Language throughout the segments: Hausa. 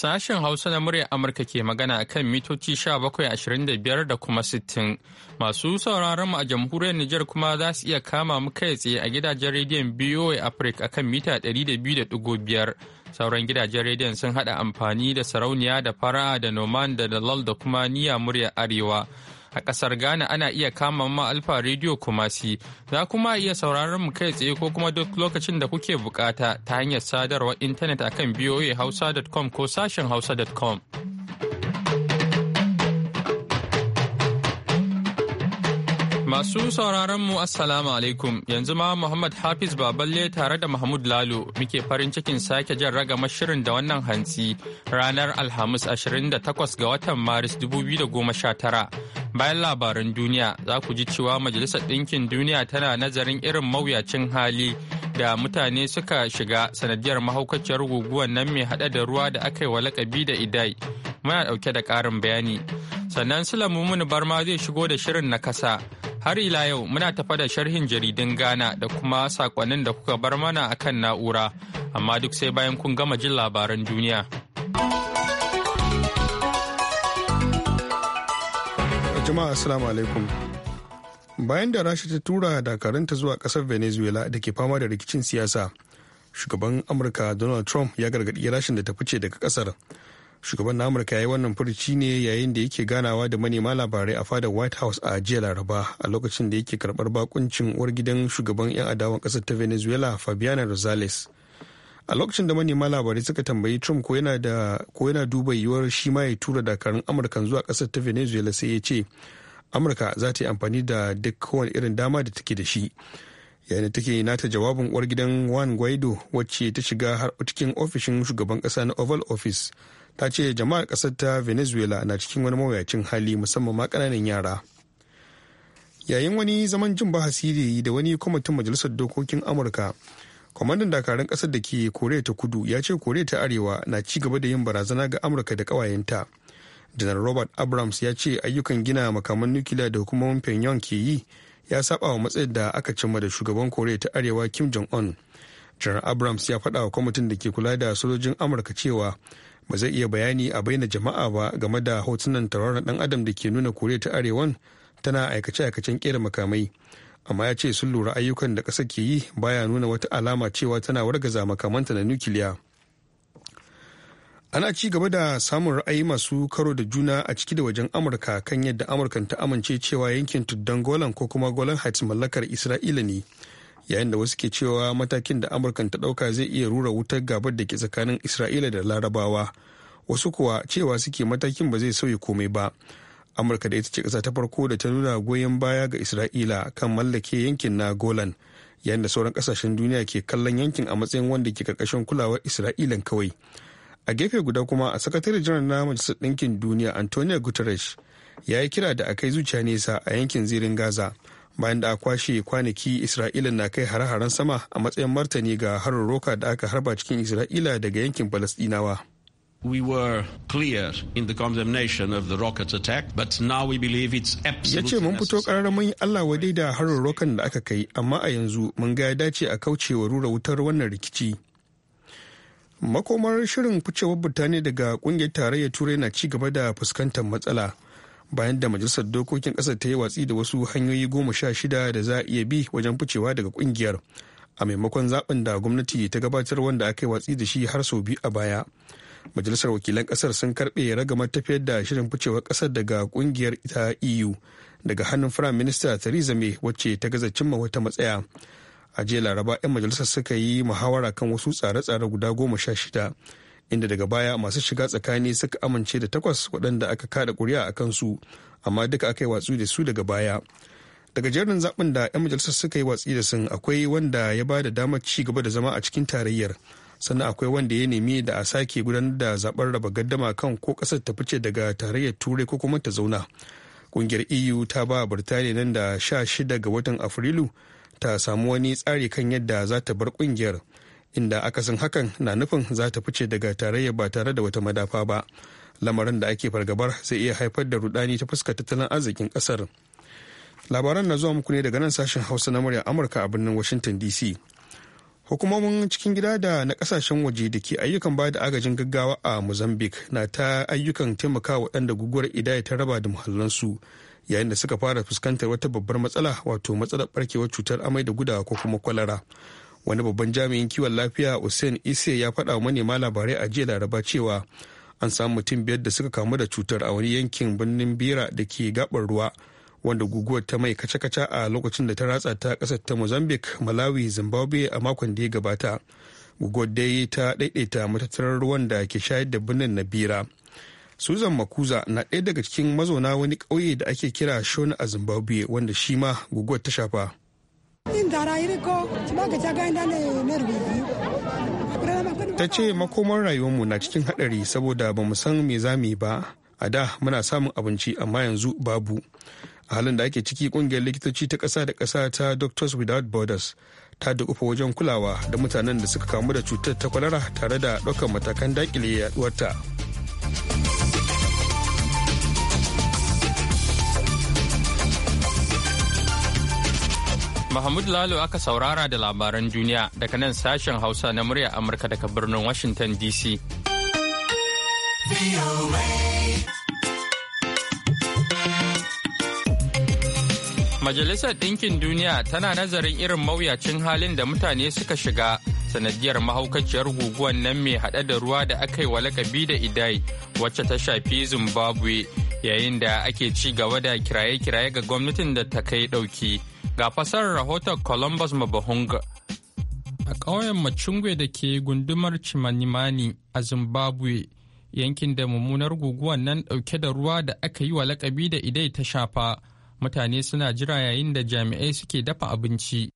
Sashen Hausa na muryar Amurka ke magana a kan mitoci ashirin da biyar da kuma sittin Masu sauraron mu a jamhuriyar Nijar kuma za su iya kama mu kai tsaye a gidajen rediyon BOA Africa kan mita 200.5. Sauran gidajen rediyon sun hada amfani da sarauniya da fara da noman da dalal da kuma niya muryar Arewa. a kasar Ghana ana iya kama ma Alfa Radio Kumasi. Za kuma iya sauraron mu kai tsaye ko kuma duk lokacin da kuke bukata ta hanyar sadarwar intanet akan voahausa.com ko sashen hausa.com. Masu sauraron mu Assalamu alaikum yanzu ma Muhammad Hafiz Baballe tare da Mahmud Lalo muke farin cikin sake jan ragama shirin da wannan hantsi ranar Alhamis 28 ga watan Maris 2019. Bayan labaran duniya za ku ji cewa Majalisar Ɗinkin Duniya tana nazarin irin mawuyacin hali da mutane suka shiga sanadiyar mahaukaciyar guguwar nan mai haɗa da ruwa da aka yi wa lakabi da idai. Muna ɗauke da ƙarin bayani. Sannan Sulamu Mumunu Barma zai shigo da shirin na kasa. Har ila yau muna tafa da sharhin jaridun Ghana da kuma sakonnin da kuka bar mana akan na'ura, amma duk sai bayan kun gama jin labaran duniya. Jama'a Assalamu alaikum. Bayan da Rasha ta tura dakarunta zuwa kasar Venezuela da ke fama da rikicin siyasa, shugaban Amurka Donald Trump ya gargaɗi rashin da ta fice daga ƙasar. shugaban na amurka ya yi wannan furuci ne yayin da yake ganawa da manema labarai a fadar white house a jiya laraba a lokacin da yake karbar bakuncin uwar gidan shugaban 'yan adawan kasar ta venezuela fabiana rosales a lokacin da manema labarai suka tambayi trump ko yana da ko duba yiwuwar shi ma ya tura dakarun amurka zuwa kasar ta venezuela sai ya ce amurka za ta yi amfani da duk kowane irin dama da take da shi yayin da take nata jawabin uwar gidan juan guaido wacce ta shiga har cikin ofishin shugaban kasa na oval office ta ce jama'ar ƙasar ta venezuela na cikin wani mawuyacin hali musamman ma kananan yara yayin wani zaman jin bahasiri da wani kwamitin majalisar dokokin amurka kwamandan dakarun kasar da ke koriya ta kudu ya ce koriya ta arewa na ci gaba da yin barazana ga amurka da ƙawayenta janar robert abrams ya ce ayyukan gina makaman nukiliya da hukumomin pyongyang ke yi ya saba wa matsayin da aka cimma da shugaban koriya ta arewa kim jong un janar abrams ya faɗa wa kwamitin da ke kula da sojojin amurka cewa ba zai iya bayani a baina jama'a ba game da hotunan tauraron dan adam da ke nuna koriya ta arewan tana aikace-aikacen kera makamai amma ya ce sun lura ayyukan da ƙasa ke yi baya nuna wata alama cewa tana wargaza makamanta na nukiliya ana ci gaba da samun ra'ayi masu karo da juna a ciki da wajen amurka kan yadda amurkan ta amince cewa yankin tuddan golan ko kuma golan heights mallakar isra'ila ne yayin da wasu ke cewa matakin da amurkan ta ɗauka zai iya rura wutar gabar da ke tsakanin isra'ila da larabawa wasu kuwa cewa suke matakin ba zai sauya komai ba amurka da ita ce kasa ta farko da ta nuna goyon baya ga isra'ila kan mallake yankin na golan yayin da sauran ƙasashen duniya ke kallon yankin a matsayin wanda ke karkashin kulawar isra'ila kawai a gefe guda kuma a sakatare janar na majalisar ɗinkin duniya antonio guterres ya yi kira da a kai zuciya nesa a yankin zirin gaza bayan da a kwashe kwanaki isra'ila na kai hare-haren sama a matsayin martani ga harin roka da aka harba cikin isra'ila daga yankin falastinawa We were clear in the condemnation of the rocket attack, but now we believe it's absolutely Ya ce mun fito ƙararra mun yi Allah wadai da harin rokan da aka kai, amma a yanzu mun ga ya dace a kauce wa rura wutar wannan rikici. Makomar shirin ficewar Birtaniya daga kungiyar tarayyar Turai na ci gaba da fuskantar matsala. bayan da majalisar dokokin kasar ta yi watsi da wasu hanyoyi goma sha shida da za a iya bi wajen ficewa daga kungiyar a maimakon zaben da gwamnati ta gabatar wanda aka yi watsi da shi har sau biyu a baya majalisar wakilan ƙasar sun karɓe ragamar tafiyar da shirin ficewar ƙasar daga kungiyar ta eu daga hannun firayim minista theresa may wacce ta gaza cimma wata matsaya a jiya laraba 'yan majalisar suka yi muhawara kan wasu tsare-tsare guda goma sha shida inda daga baya masu shiga tsakani suka amince da takwas waɗanda aka kada kuri'a a kansu amma duka aka yi watsi da su daga baya daga jerin zaɓin da 'yan majalisar suka yi watsi da sun akwai wanda ya ba da damar ci gaba da zama a cikin tarayyar sannan akwai wanda ya nemi da a sake gudanar da zaɓen raba gaddama kan ko kasar ta fice daga tarayyar turai ko kuma ta zauna ƙungiyar eu ta ba birtaniya nan da sha shida ga watan afrilu ta samu wani tsari kan yadda za ta bar ƙungiyar. inda akasin hakan na nufin za ta fice daga tarayya ba tare da wata madafa ba lamarin da ake fargabar zai iya haifar da rudani ta fuskar tattalin arzikin kasar labaran na zuwa muku ne daga nan sashen hausa na murya amurka a birnin washington dc hukumomin cikin gida da na kasashen waje da ke ayyukan ba da agajin gaggawa a mozambique na ta ayyukan taimaka waɗanda guguwar idaya ta raba da muhallansu yayin da suka fara fuskantar wata babbar matsala wato matsalar barkewar cutar amai da gudawa ko kuma kwalara wani babban jami'in kiwon lafiya hussein ise ya faɗa wa manema labarai a jiya laraba cewa an samu mutum biyar da suka kamu da cutar a wani yankin birnin bira da ke gabar ruwa wanda guguwar ta mai kaca-kaca a lokacin da ta ratsa ta ƙasar ta mozambique malawi zimbabwe a makon da ya gabata guguwar dai ta daidaita matattarar ruwan da ke shayar da birnin na bira Susan Makuza na ɗaya daga cikin mazauna wani ƙauye da ake kira Shona a Zimbabwe wanda shi ma guguwar ta shafa. ta ce makomar rayuwarmu na cikin hadari saboda ba mu san me za mu yi ba a da muna samun abinci amma yanzu babu a halin da ake ciki kungiyar likitoci ta ƙasa da ƙasa ta doctors without borders ta dukufa wajen kulawa da mutanen da suka kamu da cutar ta kwalara tare da ɗaukar matakan dakile yaduwarta. Mahmud Lalo aka saurara da labaran duniya daga nan sashen Hausa na murya Amurka daga birnin Washington DC. Majalisar Ɗinkin Duniya tana nazarin irin mawuyacin halin da mutane suka shiga sanadiyar mahaukaciyar guguwan nan mai haɗe da ruwa da aka yi wa lakabi da idai wacce ta shafi Zimbabwe yayin da ake ci gaba da kiraye-kiraye ga gwamnatin da ta kai ɗauki. Ga fasar rahoton Columbus Mabahung a ƙauyen Machungwe da ke gundumar Chimanimani a Zimbabwe, yankin da mummunar guguwan nan ɗauke da ruwa da aka yi wa lakabi da idai ta shafa. Mutane suna jira yayin da jami'ai suke dafa abinci.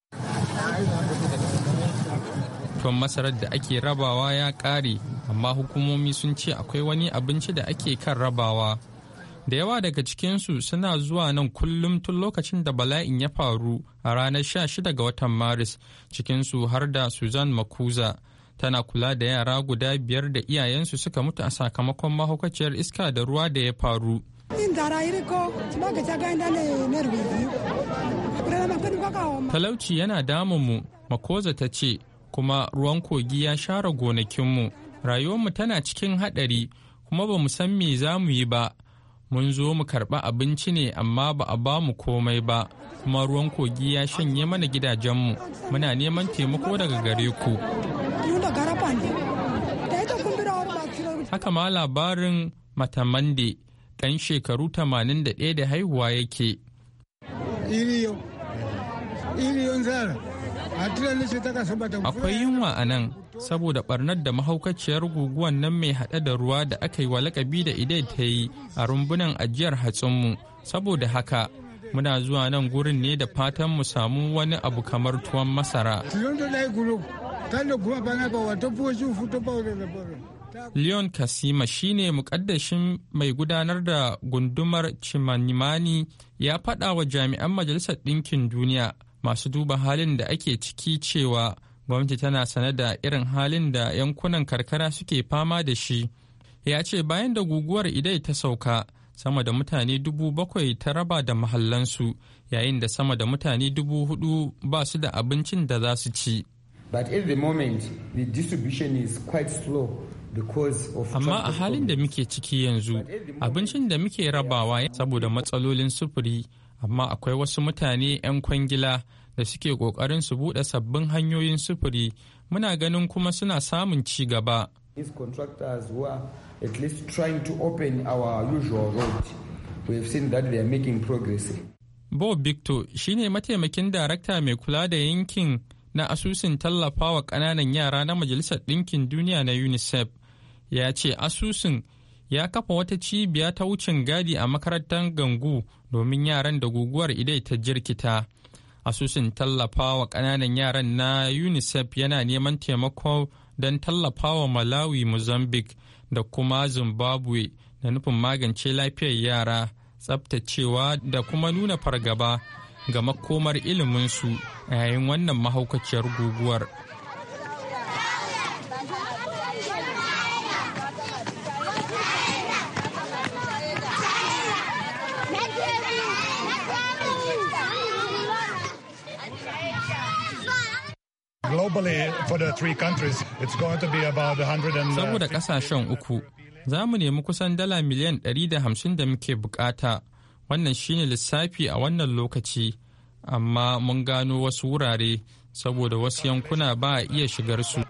Tun masarar da ake rabawa ya ƙare, amma hukumomi sun ce akwai wani abinci da ake kan rabawa. da yawa daga cikinsu suna zuwa nan kullum tun lokacin da bala'in ya faru a ranar 16 ga watan maris cikinsu har da suzan makuza tana kula da yara guda biyar da iyayensu suka mutu a sakamakon mahaukaciyar iska da ruwa da ya faru talauci yana mu makoza ta ce kuma ruwan kogi ya share gonakinmu rayuwarmu tana cikin haɗari kuma ba mu san me za mu yi ba mun zo mu karɓa abinci ne amma ba a ba mu komai ba kuma ruwan kogi ya shanye mana gidajen mu muna neman taimako daga gare ku haka ma labarin matamande ɗan shekaru 81 da haihuwa yake zara Akwai yunwa a nan saboda barnar da mahaukaciyar guguwan nan mai haɗe da ruwa da aka yi wa lakabi da idai ta yi a rumbunan ajiyar hatsinmu saboda haka muna zuwa nan gurin ne da fatan mu samu wani abu kamar tuwon masara. Leon Kasima shine mukaddashin mai gudanar da gundumar Chimanimani ya faɗa wa jami'an Majalisar Ɗinkin Duniya masu duba halin da ake ciki cewa gwamnati tana sane da irin halin da yankunan karkara suke fama da shi ya ce bayan da guguwar idai ta sauka sama da mutane dubu bakwai ta raba da mahallansu yayin da sama da mutane dubu hudu ba su da abincin da za su ci amma a halin da muke ciki yanzu abincin da muke rabawa saboda matsalolin sufuri amma akwai wasu mutane 'yan kwangila da suke kokarin su buɗe sabbin hanyoyin sufuri muna ganin kuma suna samun ci gaba. to open our Bob Victor shine mataimakin darakta mai kula da yankin na asusun tallafawa kananan yara na Majalisar Ɗinkin Duniya na UNICEF. Ya ce asusun ya kafa wata cibiya ta wucin gadi a makarantar gangu domin yaran da guguwar idai ta jirkita asusun tallafawa ƙananan yaran na unicef yana neman taimako don tallafawa malawi mozambique da kuma zimbabwe da nufin magance lafiyar yara tsabtacewa da kuma nuna fargaba ga makomar iliminsu a yayin wannan mahaukaciyar guguwar. Uh, saboda kasashen uku, za mu nemi kusan dala miliyan 150 da muke bukata. Wannan shine lissafi a wannan lokaci, amma mun gano wasu wurare saboda wasu yankuna ba a iya shigar su.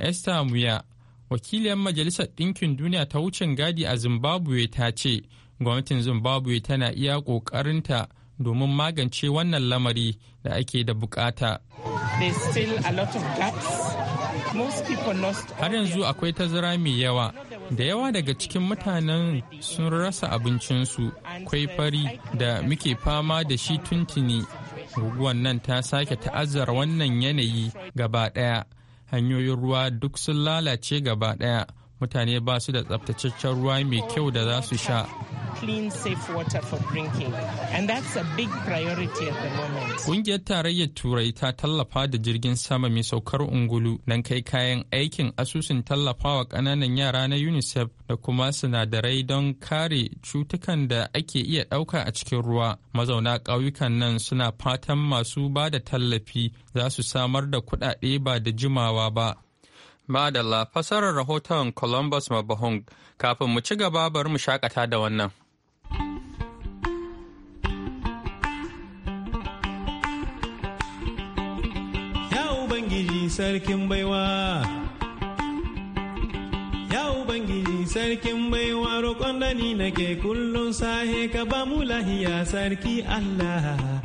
Esther Muya, wakiliyar Majalisar Ɗinkin Duniya ta wucin gadi a Zimbabwe ta ce, gwamnatin Zimbabwe tana iya ƙoƙarinta domin magance wannan lamari da ake da bukata. Har yanzu akwai tazara mai yawa, da yawa daga cikin mutanen sun rasa abincinsu, kwai fari da muke fama da shi tuntuni. Guguwan nan ta sake ta'azzara wannan yanayi gaba ɗaya, hanyoyin ruwa duk sun lalace gaba ɗaya. mutane ba su da tsabtataccen ruwa mai kyau da za su sha. ƙungiyar tarayyar Turai ta tallafa da jirgin sama mai saukar ungulu don kai kayan aikin asusun tallafawa ƙananan yara na UNICEF da kuma sinadarai don kare cutukan da ake iya ɗauka a cikin ruwa. Mazauna ƙauyukan nan suna fatan masu ba da tallafi za su samar da kuɗaɗe ba da jimawa ba Madalla fasarar rahoton Columbus Mabahong kafin mu ci gaba bari mu shakata da wannan. Ya Ubangiji sarkin baiwa Ya Ubangiji sarkin baiwa roƙon da ni nake kullum sahe ka ba mu lahiya sarki Allah.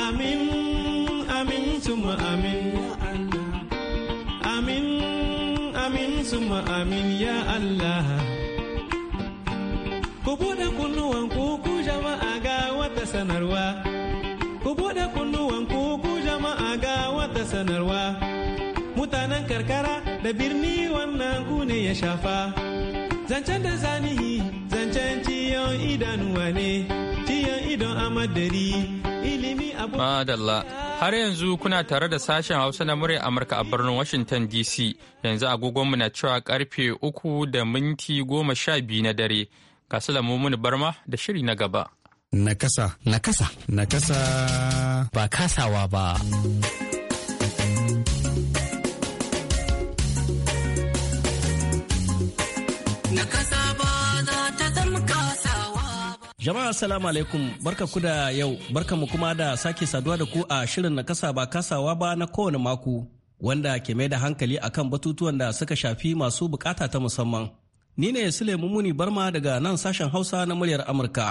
Amin, amin, tumu amin. amin suma amin ya Allah. Ku buɗe kunnuwan ku jama'a ga wata sanarwa. Ku buɗe kunnuwan ku jama'a ga wata sanarwa. Mutanen karkara da birni wannan ku ne ya shafa. Zancen da zanihi zancen ciyon idanuwa ne, ciyon idon amadari ilimi abu. Madalla Har yanzu kuna tare da sashen Hausa na murya Amurka a birnin Washington DC yanzu agogonmu na cewa karfe uku da minti goma sha biyu na dare. Kasu mumuni barma da shiri na gaba. Nakasa. Nakasa. Nakasa. Ba kasawa ba. Nakasa. Jama'a salamu alaikum barka ku da yau barka mu kuma da sake saduwa da ku a shirin na kasa ba kasawa ba na kowane mako wanda ke mai da hankali akan batutuwan da suka shafi masu bukata ta musamman. Ni ne Sule Mumuni Barma daga nan sashen Hausa na muryar Amurka.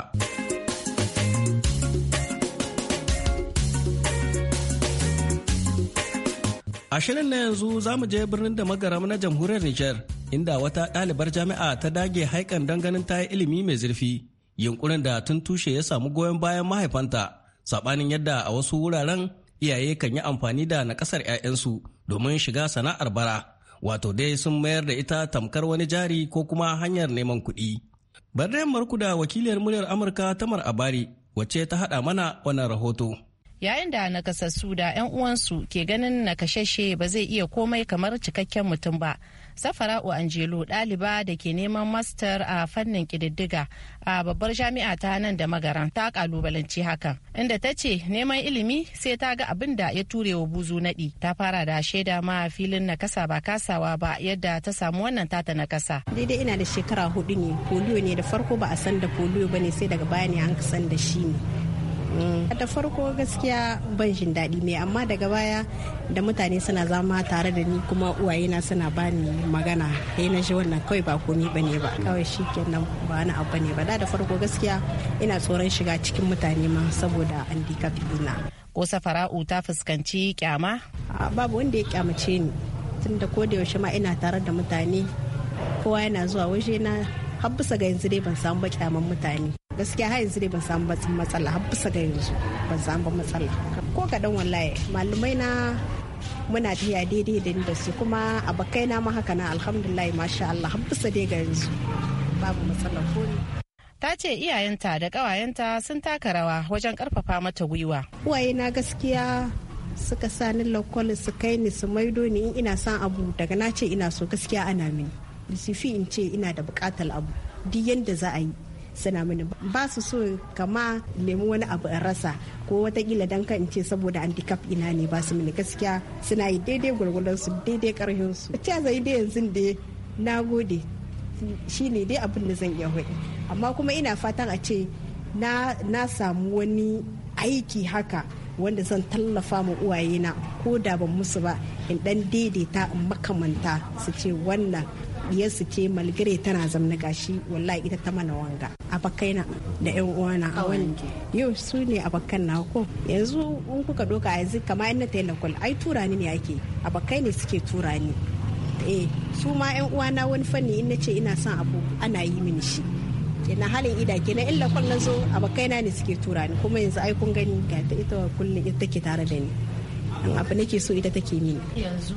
A shirin na yanzu za mu je birnin da magaram na jamhuriyar Nijar inda wata ɗalibar jami'a ta dage haikan don ganin ta yi ilimi mai zurfi. yunkurin da tun tushe ya samu goyon bayan mahaifanta saɓanin yadda a wasu wuraren iyaye kan yi amfani da na ƙasar 'ya'yansu domin shiga sana'ar bara wato dai sun mayar da ita tamkar wani jari ko kuma hanyar neman kuɗi. Barnayan Markuda wakiliyar muryar Amurka Tamar Abari wacce ta haɗa mana wannan rahoto. yayin da nakasassu da 'yan uwansu ke ganin nakashashe ba zai iya komai kamar cikakken mutum ba safara'u angelo ɗaliba da ke neman master a fannin kididdiga a babbar jami'a ta nan da magaran ta kalubalanci hakan inda ta ce neman ilimi sai ta ga abin da ya ture wa buzu naɗi ta fara da shaida ma filin na kasa ba kasawa ba yadda ta samu wannan tata na kasa daidai ina da shekara hudu ne polio ne da farko ba a san da polio ba ne sai daga baya ne an san da shi ne Mm. da farko gaskiya ban jin daɗi mai amma daga baya da mutane suna zama tare da ni kuma uwayena suna bani magana sai na shi wannan kawai ba komi ba ne ba kawai shi kenan ba wani abu ne ba da farko gaskiya ina tsoron shiga cikin mutane ma saboda handicap ina ko safara'u ta fuskanci kyama babu wanda ya kyamace ni tun da ko da yaushe ma ina tare da mutane kowa yana zuwa waje na har bisa ga yanzu dai ban samu ba kyaman mutane gaskiya har yanzu ne ban samu matsala har bisa ga yanzu ban samu matsala ko kaɗan wallahi malumai na muna biya daidai da da su kuma abokai na ma haka na alhamdulillah masha Allah har bisa dai ga yanzu babu matsala ko ta ce iyayenta da ƙawayenta sun taka rawa wajen karfafa mata gwiwa uwaye na gaskiya suka sa ni lokol su kai ni su maido ni in ina son abu daga na ce ina so gaskiya ana mini lissifi in ce ina da bukatar abu duk yadda za a yi suna mini ba su so kama nemi wani abu a rasa ko watakila dan kan ce saboda handicap ina ne ba su mini gaskiya suna yi daidai gwargwadon su daidai karhin su ce zai dai yanzu da na gode shi ne dai abin da zan iya hudu amma kuma ina fatan a ce na samu wani aiki haka wanda zan tallafa ma na ko da ban musu ba in dan daidaita makamanta su ce wannan diyarsu ce malgare tana zamna gashi wallahi ita ta mana wanga abakaina da yan uwana a wani yau su ne abakan na ko yanzu in kuka doka yanzu ta na telekol ai tura ni ne ake abakai ne suke tura ni eh su ma yan uwana wani fanni in na ce ina son abu ana yi mini shi na halin ida na illa kwallon zo abokaina ne suke tura ni kuma yanzu ai kun gani ga ita kullum ita take tare da ni abu nake so ita take mini yanzu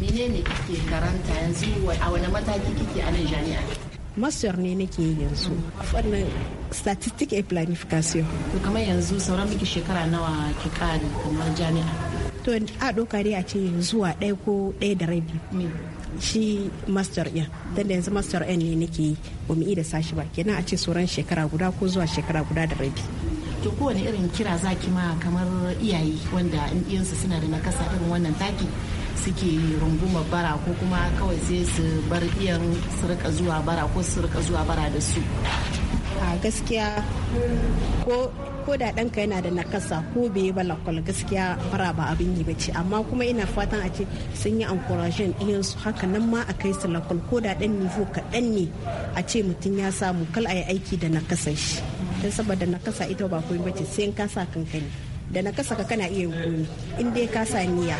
menene kike karanta yanzu a wani mataki kike a nan jami'a master ne nake yanzu wannan statistic and planification to kamar yanzu sauran miki shekara nawa ki kare kamar jami'a to a doka a ce zuwa ɗaya ko ɗaya da rabi shi master ɗin tunda yanzu master ɗin ne nake ba mu iya da sashi ba kenan a ce sauran shekara guda ko zuwa shekara guda da rabi to kowane irin kira zaki ma kamar iyaye wanda iyansu suna da nakasa irin wannan taki suke runguma bara ko kuma kawai sai su bar iyan su rika zuwa bara ko su rika zuwa bara da su a gaskiya ko da ɗanka yana da nakasa ko bai yi lakwal gaskiya bara ba abin yi bace amma kuma ina fatan a ce sun yi ankurajen iyan su haka nan ma a kai su lakwal ko da ɗan nivo kaɗan ne a ce mutum ya samu kal a yi aiki da nakasan shi don saboda na kasa ita ba komai bace sai in ka sa kanka ne da na kasa ka kana iya komi in dai ka sa niyya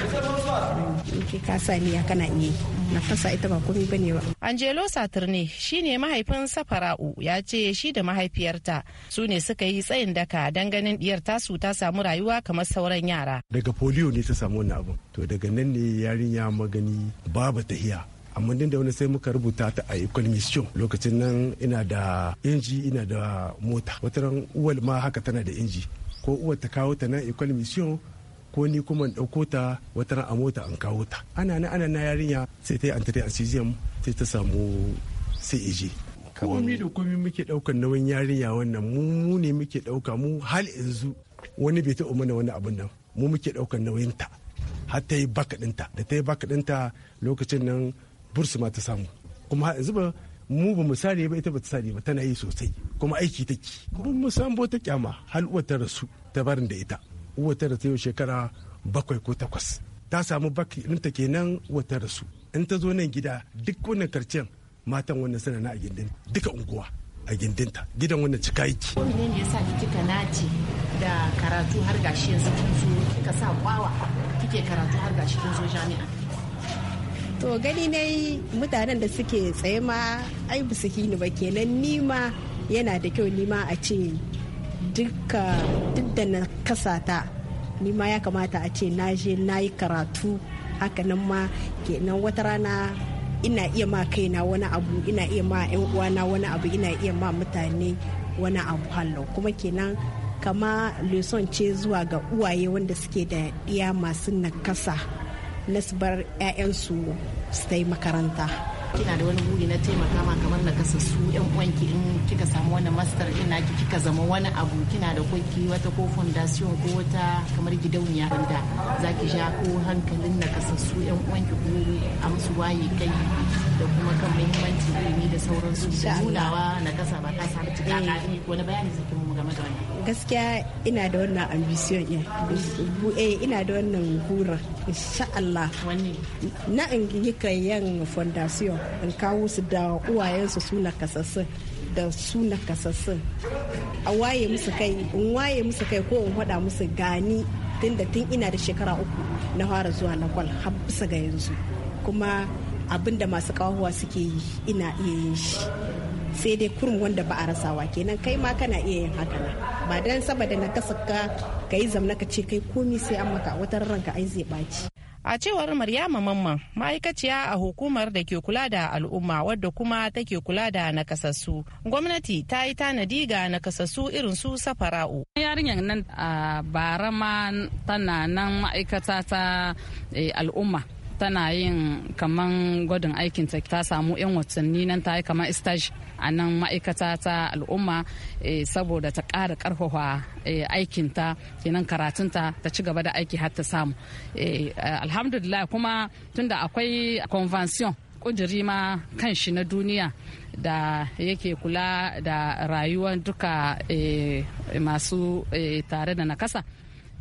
in ke ka sa niyya kana iya na kasa ita ba komai bane ba Angelo Saturne shine mahaifin Safara'u ya ce shi da mahaifiyarta su ne suka yi tsayin daka dan ganin diyar tasu ta samu rayuwa kamar sauran yara daga polio ne ta samu wannan abu to daga nan ne yarinya magani babu tahiya amma din da wani sai muka rubuta ta a equal mission lokacin nan ina da inji ina da mota Wata ran uwal ma haka tana da inji ko uwar ta kawo ta nan equal mission ko ni kuma in ɗauko ta wata a mota an kawo ta ana na ana na yarinya sai ta yi antare anesthesium sai ta samu sai ije komi da komi muke ɗaukan nauyin yarinya wannan mu ne muke ɗauka mu hal yanzu wani bai taɓa mana wani abin nan mu muke ɗaukar nauyin ta har ta yi baka ɗinta da ta yi baka ɗinta lokacin nan bursu ma ta samu kuma yanzu ba mu ba mu sare ba ita ba ta sare ba tana yi sosai kuma aiki ki kuma mu samu wata kyama hal uwa ta rasu ta barin da ita uwa ta rasu yau shekara bakwai ko takwas ta samu baki ta kenan uwa ta rasu in ta zo nan gida duk wannan karcen matan wannan suna na a gindin duka unguwa a gindinta gidan wannan cika yake. Wani ne kika nace da karatu har gashi yanzu kin zo kika sa kwawa kike karatu har gashi kin zo jami'a. to gani na mutanen da suke tsaye ma ai ba su ni ba kenan nima yana da kyau nima a ce duk da na kasata nima ya kamata a ce na je na yi karatu hakanan nan ma kenan wata rana ina iya ma kaina wani abu ina iya ma 'yan uwana wani abu ina iya ma mutane wani abu hallo kuma kenan kama leson ce zuwa ga uwaye wanda suke da iya masu nakasa nasibar su 'ya'yansu su ta yi makaranta kina da wani buri na taimaka ma kamar na kasa su yan uwanki in kika samu wani master din naki kika zama wani abu kina da kwanki wata ko foundation ko wata kamar gidauniya wanda zaki sha ko hankalin na kasa su yan uwanki ko a musu waye kai da kuma kan muhimmanci ilimi da sauransu da nunawa na kasa ba ta samu cikakka wani bayani zaki mu gaskiya ina da wannan ambition ya. Eh, ina da wannan gura insha Allah na in yi kayan fondation in kawo su da uwayensu su na da suna kasassu. a waye musu kai in waye musu kai ko in faɗa musu gani tun da tun ina da shekara uku na fara zuwa na kwal har bisa ga yanzu kuma abin da masu kawowa suke yi ina iya yin shi sai dai kurum wanda ba a rasawa kenan kai ma kana iya yin haka na ba dan saboda na kasaka ka yi zamna ka ce kai komi sai an maka wata ranka ai zai baci a cewar maryama mamman ma'aikaciya a hukumar da ke kula da al'umma wadda kuma take kula da nakasassu gwamnati ta yi tanadi ga nakasassu irin su safara'u yarinyar nan a bara ma tana nan ma'aikata ta e, al'umma tana yin kaman gwadin aikin ta samu yan watanni nan ta yi kaman stage a nan ma'aikata ta al'umma eh, saboda ta ƙara ƙarfafa eh, aikinta kenan karatunta ta ci gaba da aiki har ta samu eh, alhamdulillah kuma tunda akwai convention kudiri ma kan shi na duniya da yake kula da rayuwar duka masu tare da nakasa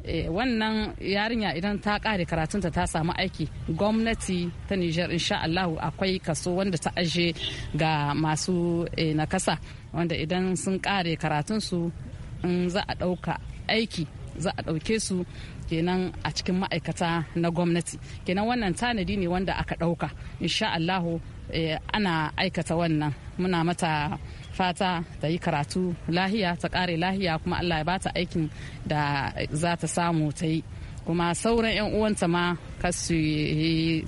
Eh, wannan yarinya idan ta kare karatunta ta samu aiki gwamnati ta Nijar insha Allah akwai kaso wanda ta aje ga masu eh, nakasa wanda idan sun kare karatunsu in za a ɗauka aiki za a ɗauke su kenan a cikin ma'aikata na gwamnati kenan wannan tanadi ne wanda aka ɗauka insha Allahu eh, ana aikata wannan muna mata fata ta yi karatu lahiya ta kare lahiya kuma allah ya bata aikin da za ta samu ta yi kuma sauran 'yan uwanta ma kasu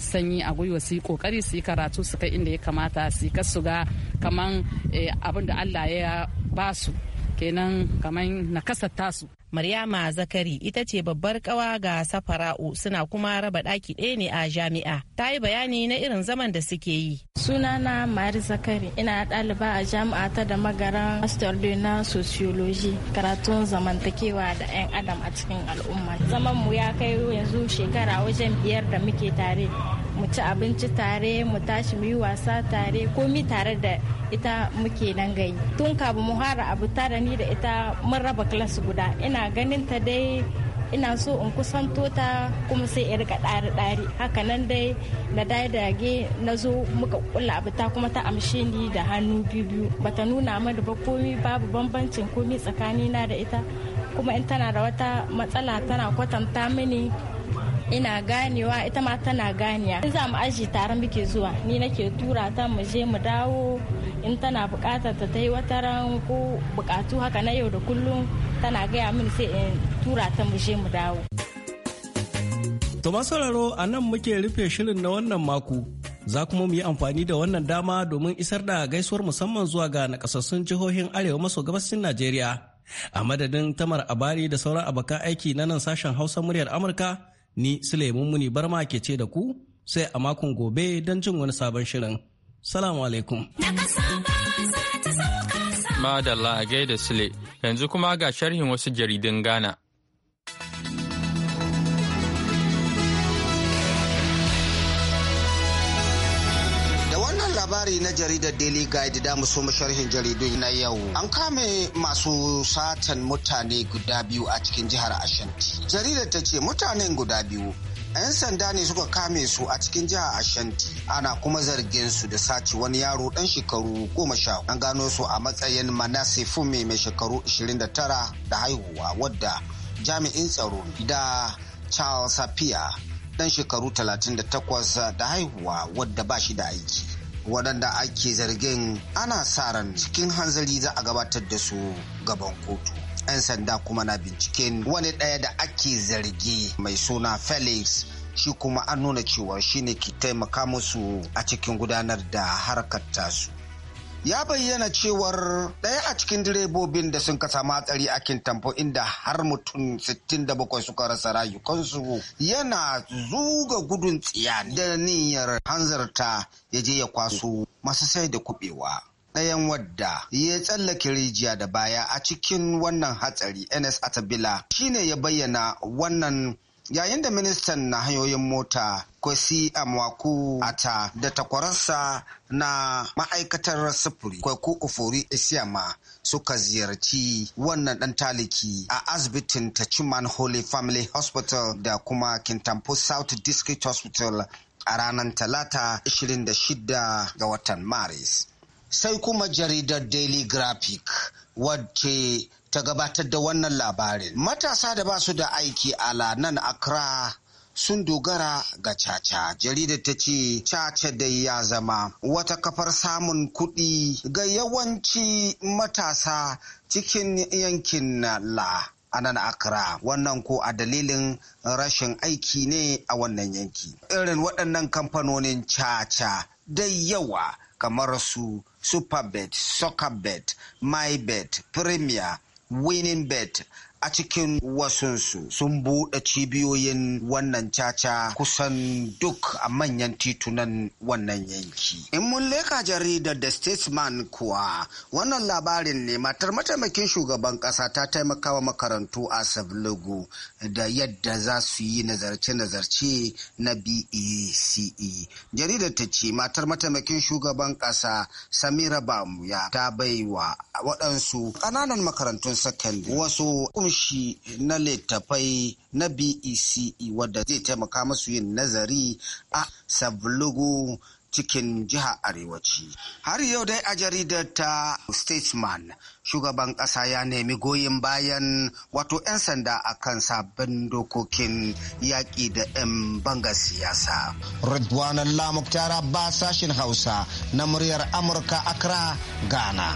sanyi a gwiwa su yi kokari su yi karatu su kai inda ya kamata su yi kasu ga kaman eh, abin da allah ya basu kenan kaman kasata tasu Maryama Zakari ita ce babbar kawa ga Safara'u suna kuma raba ɗaki ɗaya ne a jami'a. Ta yi bayani na irin zaman da suke yi. Sunana Mari Zakari ina ɗaliba a jami'a ta da magaran Master na Sociology karatun zamantakewa da 'yan adam a cikin al'umma. Zaman mu ya kai yanzu shekara wajen biyar da muke tare. Mu ci abinci tare, mu tashi mu yi wasa tare, komi tare da ita muke nan gai. Tun kafin mu hara abu tare ni da ita mun raba kilas guda. Ina ina ganin ta dai ina so in kusanto ta kuma sai in rika ɗari ɗari haka nan dai na dai dage na zo muka kula abu ta kuma ta amshe ni da hannu biyu biyu bata nuna mani ba komi babu bambancin komi tsakanina da ita kuma in tana da wata matsala tana kwatanta mini ina ganewa ita ma tana ganiya in za mu aji tare muke zuwa ni nake tura ta mu je mu dawo in tana bukatar ta ta yi wata ran ko bukatu haka na yau da kullum tana gaya mini sai in tura ta mu je mu dawo to masararo a nan muke rufe shirin na wannan mako za kuma mu yi amfani da wannan dama domin isar da gaisuwar musamman zuwa ga nakasassun jihohin arewa maso gabashin najeriya a madadin tamar abari da sauran abokan aiki na nan sashen hausa muryar amurka Ni Suleiman Muni Barma ke ce da ku sai a makon gobe don jin wani sabon shirin. Salamu alaikum. Madalla a gaida Sule, yanzu kuma ga sharhin wasu jaridun Ghana. labari na jaridar Daily Guide da so sharhin jaridu na yau. An kame masu satan mutane guda biyu a cikin jihar Ashanti. Jaridar ta ce mutanen guda biyu 'yan sanda ne suka kame su a cikin jihar ashanti ana kuma zargin su da sace wani yaro dan shekaru goma sha an gano su a matsayin manase fume mai shekaru 29 da haihuwa wadda jami'in tsaro da charles safiya dan shekaru 38 da haihuwa wadda ba shi da aiki waɗanda ake zargin ana sa ran cikin hanzari za a gabatar da su gaban kotu 'yan sanda kuma na binciken wani ɗaya da ake zargi mai suna felix shi kuma an nuna cewa shine ke taimaka musu a cikin gudanar da harkar tasu ya bayyana cewar ɗaya a cikin direbobin da sun kasa matsari a kintampo inda har mutum 67 suka rasa rayukansu yana zuga gudun tsiya da niyyar hanzarta ya je ya kwaso masu sai da kubewa. ɗayan wadda ya tsallake rijiya da baya a cikin wannan hatsari ns atabila shine ya bayyana wannan yayin da ministan na hanyoyin mota kwesi mwaku ata da takwaransa na ma'aikatar sufuri kwaku ofori isiyama suka ziyarci wannan dan taliki a asibitin ta tachiman holy family hospital da kuma kintampo south district hospital a ranar talata 26 ga watan maris sai kuma jaridar daily graphic wacce ta gabatar da wannan labarin matasa da ba su da aiki a nan accra sun dogara ga caca. Jaridar ta ce caca dai ya zama wata kafar samun kuɗi ga yawanci matasa cikin yankin la. a nan akra wannan ko a dalilin rashin aiki ne a wannan yanki. Irin waɗannan kamfanonin caca da yawa kamar su Superbet, Soccerbet, MyBet, Premier, winning bet a cikin wasunsu sun buɗe cibiyoyin wannan caca kusan duk a manyan titunan wannan yanki. In mun leka jaridar The Statesman kuwa wannan labarin ne matar mataimakin shugaban ƙasa ta taimakawa makarantu a Sablugu da yadda za su yi nazarce-nazarce na BECE. E. Jaridar ta ce matar mataimakin shugaban ƙasa Samira Bamuya ta baiwa waɗansu ƙananan makarantun sakandare wasu tushe na littafai na BECE e wadda zai taimaka masu yin nazari a Sablugu cikin jiha arewaci. Har yau dai a jaridar ta Statesman shugaban ƙasa ya nemi goyon bayan wato 'yan sanda a kan sabbin dokokin yaƙi da 'yan banga siyasa. Ridwan Lamuktara ba sashin Hausa na muryar Amurka Accra, Ghana.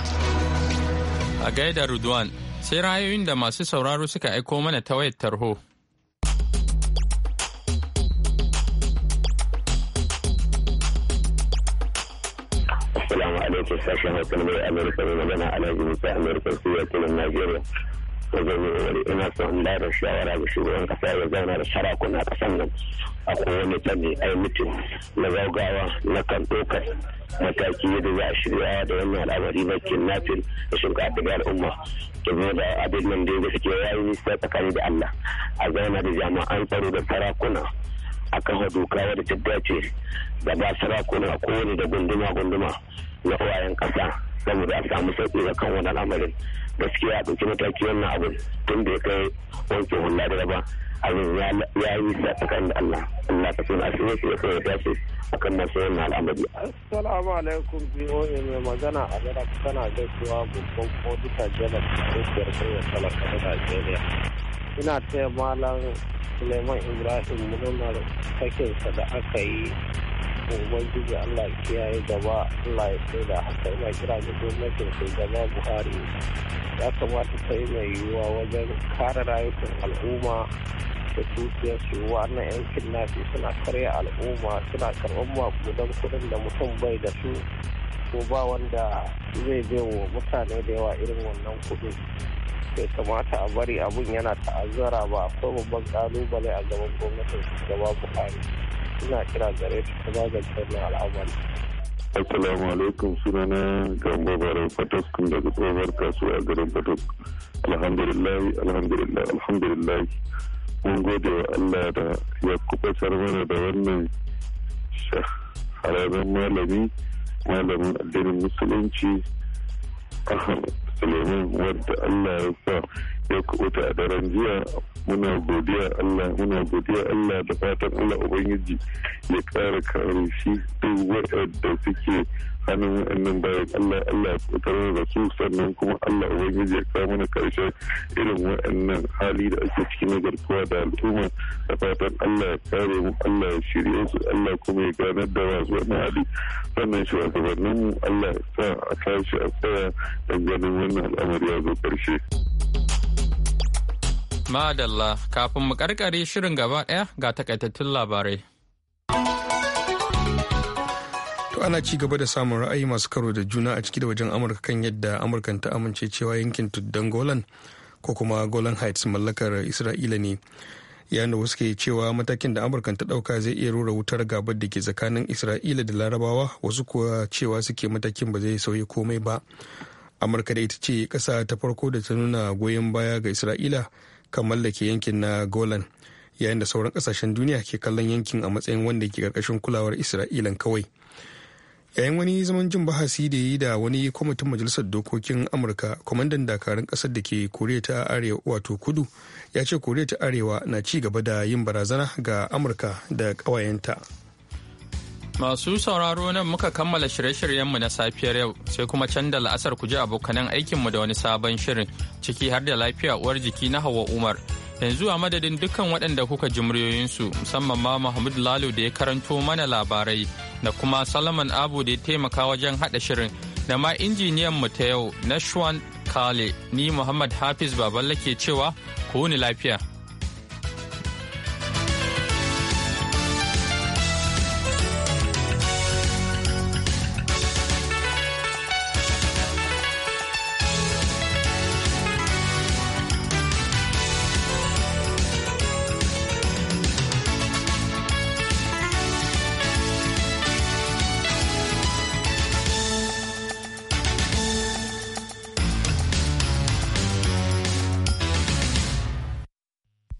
A gaida Ridwan sai ra'ayoyin da masu sauraro suka aiko mana ta wayar tarho. Assalamu alaikum sashen hausa mai Amurka mai magana Alhaji Musa Amurka Suya Tulun Najeriya. da ina son ba da shawara ga shugaban kasa ya zauna da sarakuna a kasan nan a kowane fanni ai mutum na gaugawa na kan ɗaukar mataki da za a shirya da wannan al'amari na kidnapping da shinkafa da al'umma da abin nan da gaskiya ya yi nisa tsakani da Allah a zauna da jami'an tsaro da sarakuna a kafa doka wadda ta dace da ba sarakuna kowane da gunduma-gunduma na wayan kasa saboda a samu sauƙi ga kan wannan al'amarin gaskiya a ɗauki mataki wannan abin tun da ya kai wanke hula da ba abin ya yi shi a tsakanin da Allah Allah ta tuna shi ne shi ya tashi akan masu wannan al'amari assalamu alaikum BOA mai magana a gara kana gaisuwa babban kodita jelar da kungiyar talaka ta Najeriya ina taya malam Suleiman Ibrahim murnar sakinsa da aka yi ubangiji allah kiyaye gaba allah ya tsaye da haka ina kira da gwamnatin shugaba buhari ya kamata ta yi mai yiwuwa wajen kare rayukan al'umma da dukiyar su wannan yankin nafi suna karya al'umma suna karɓar makudan kuɗin da mutum bai da su ko ba wanda zai bai wa mutane da yawa irin wannan kuɗin sai kamata a bari abun yana ta'azzara ba akwai babban ƙalubale a gaban gwamnatin shugaba buhari ina kira gare ta magance wannan al'amari. Assalamu alaikum sunana Gambo Barau Fataskun daga tsohuwar kasuwa a garin Fatask. Alhamdulillah, alhamdulillah, alhamdulillah. Mun gode wa Allah da ya kubatar mana da wannan shahararren malami, malamin addinin Musulunci, Ahmad Suleiman wadda Allah ya sa ya kubuta a daren jiya muna godiya Allah muna godiya Allah da fatan Allah ubangiji ya kara kare shi duk waɗanda suke hannun wa'annan bayan Allah Allah ya tarar da su sannan kuma Allah ubangiji ya kawo mana karshen irin wa'annan hali da ake ciki na garkuwa da al'umma da fatan Allah ya kare mu Allah ya shirye su Allah kuma ya ganar da wasu wannan hali sannan shugabannin mu Allah ya sa a tashi a tsaya don ganin wannan al'amari ya zo karshe. Madalla kafin mu karkare shirin gaba ɗaya ga takaitattun labarai. To ana ci gaba da samun ra'ayi masu karo da juna a ciki da wajen Amurka kan yadda Amurkan ta amince cewa yankin tuddan Golan ko kuma Golan Heights mallakar Isra'ila ne. yayin da wasu ke cewa matakin da amurkan ta dauka zai iya rura wutar gabar da ke tsakanin isra'ila da larabawa wasu kuwa cewa suke matakin ba zai sauyi komai ba amurka da ita ce kasa ta farko da ta nuna goyon baya ga isra'ila kan mallake yankin na golan yayin da sauran kasashen duniya ke kallon yankin a matsayin wanda ke karkashin kulawar isra'ilan kawai yayin wani zaman jin bahasi da yi da wani kwamitin majalisar dokokin amurka kwamandan dakarun kasar da ke koriya ta arewa wato kudu ya ce koriya ta arewa na ci gaba da yin barazana ga amurka da ƙawayenta. Masu sauraro nan muka kammala shirye-shiryenmu na safiyar yau sai kuma can da la'asar ku ji abokanan aikinmu da wani sabon shirin ciki har da lafiya uwar jiki na Hawa Umar. Yanzu a madadin dukkan waɗanda kuka ji muryoyinsu musamman ma Mahmud Lalo da ya karanto mana labarai da kuma Salman Abu da ya taimaka wajen haɗa shirin da ma injiniyan mu ta yau Nashwan Kale ni Muhammad Hafiz Baballa ke cewa ku ni lafiya.